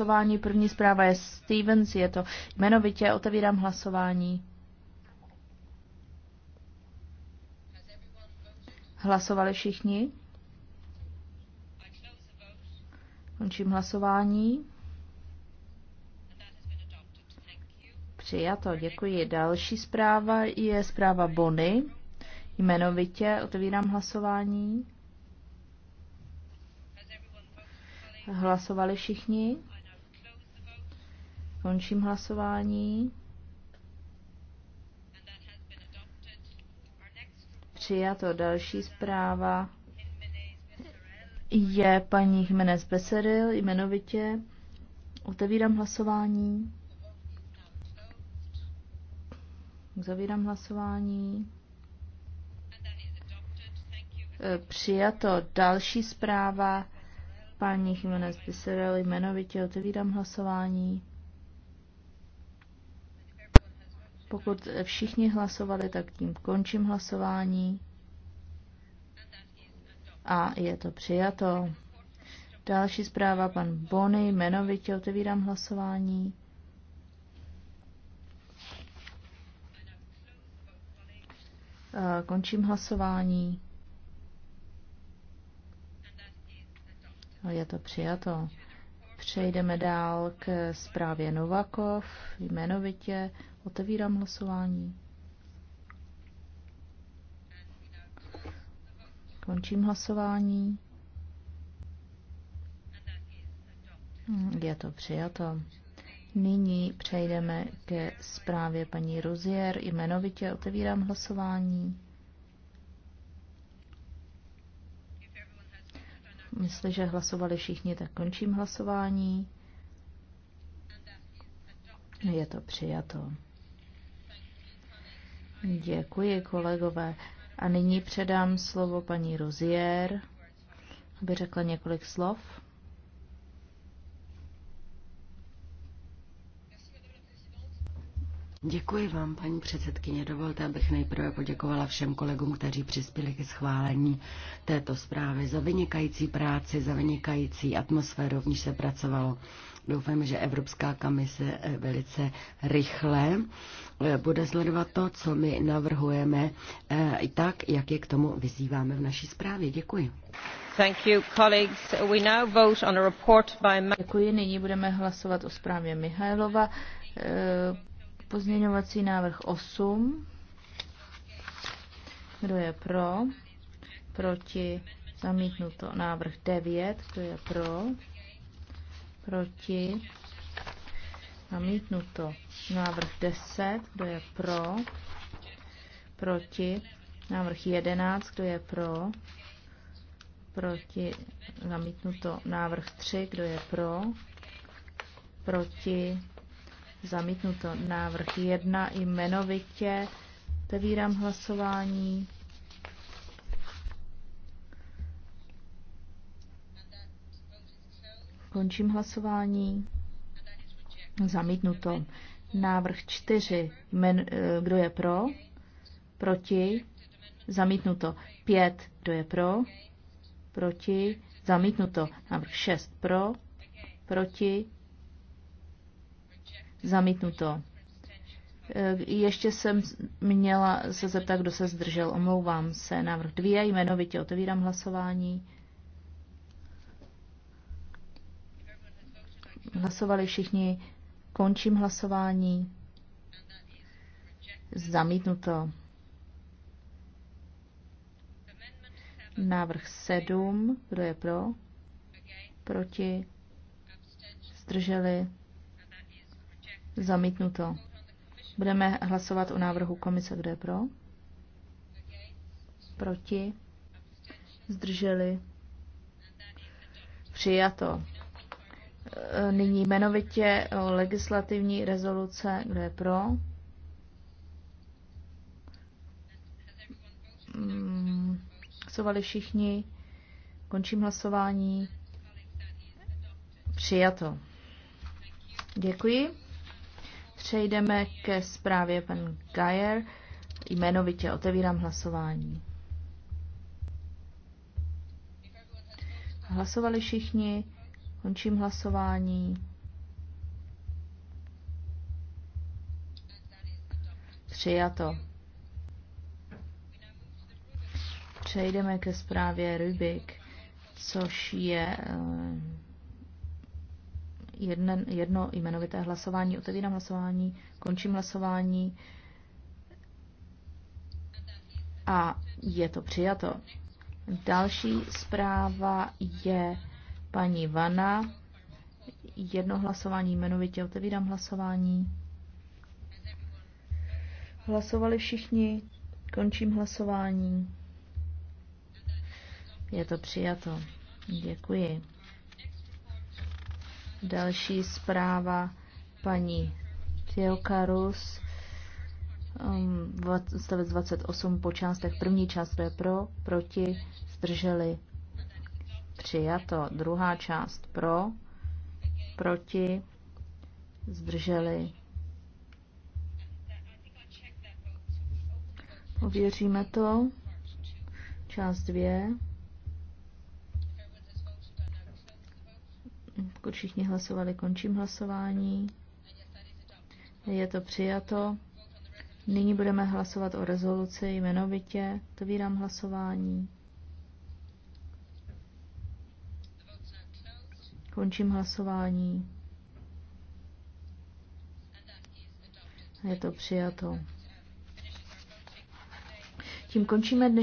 hlasování. První zpráva je Stevens, je to jmenovitě. Otevírám hlasování. Hlasovali všichni? Končím hlasování. Přijato, děkuji. Další zpráva je zpráva Bony. Jmenovitě otevírám hlasování. Hlasovali všichni? Končím hlasování. Přijato další zpráva je paní Jiménez Beseril jmenovitě. Otevírám hlasování. Zavírám hlasování. Přijato další zpráva. Paní Jiménez Beseril jmenovitě otevírám hlasování. Pokud všichni hlasovali, tak tím končím hlasování. A je to přijato. Další zpráva pan Bony, jmenovitě otevírám hlasování. Končím hlasování. Je to přijato. Přejdeme dál k zprávě Novakov, jmenovitě Otevírám hlasování. Končím hlasování. Je to přijato. Nyní přejdeme ke zprávě paní Ruzier. Jmenovitě otevírám hlasování. Myslím, že hlasovali všichni, tak končím hlasování. Je to přijato. Děkuji, kolegové. A nyní předám slovo paní Rozier, aby řekla několik slov. Děkuji vám, paní předsedkyně. Dovolte, abych nejprve poděkovala všem kolegům, kteří přispěli ke schválení této zprávy za vynikající práci, za vynikající atmosféru, v níž se pracovalo. Doufám, že Evropská komise eh, velice rychle eh, bude sledovat to, co my navrhujeme, eh, i tak, jak je k tomu vyzýváme v naší zprávě. Děkuji. Thank You, colleagues. We now vote on a report by... Děkuji. Nyní budeme hlasovat o zprávě Mihailova Pozměňovací návrh 8. Kdo je pro? Proti? Zamítnuto. Návrh 9. Kdo je pro? Proti? Zamítnuto. Návrh 10. Kdo je pro? Proti? Návrh 11. Kdo je pro? Proti? Zamítnuto. Návrh 3. Kdo je pro? Proti? Zamítnuto. Návrh 1 jmenovitě. Otevírám hlasování. Končím hlasování. Zamítnuto. Návrh 4. Men, eh, kdo je pro? Proti? Zamítnuto. 5. Kdo je pro? Proti? Zamítnuto. Návrh 6. Pro? Proti? Zamítnuto. E, ještě jsem měla se zeptat, kdo se zdržel. Omlouvám se. Návrh dvě jmenovitě otevírám hlasování. Hlasovali všichni. Končím hlasování. Zamítnuto. Návrh sedm. Kdo je pro? Proti? Zdrželi? Zamítnuto. Budeme hlasovat o návrhu komise, kde je pro. Proti. Zdrželi. Přijato. E, nyní jmenovitě o legislativní rezoluce, kde je pro. Mm, hlasovali všichni. Končím hlasování. Přijato. Děkuji. Přejdeme ke zprávě pan Geyer. Jmenovitě otevírám hlasování. Hlasovali všichni. Končím hlasování. Přijato. Přejdeme ke zprávě Rubik, což je eh, jeden, jedno jmenovité hlasování. Otevírám hlasování, končím hlasování a je to přijato. Další zpráva je paní Vana. Jedno hlasování jmenovitě. Otevírám hlasování. Hlasovali všichni. Končím hlasování. Je to přijato. Děkuji. Další zpráva paní Theokarus, um, 28 po částech. První část je pro, proti, zdrželi, přijato. Druhá část pro, proti, zdrželi. Ověříme to. Část dvě. Pokud všichni hlasovali, končím hlasování. Je to přijato. Nyní budeme hlasovat o rezoluci jmenovitě. Otevírám hlasování. Končím hlasování. Je to přijato. Tím končíme dnešní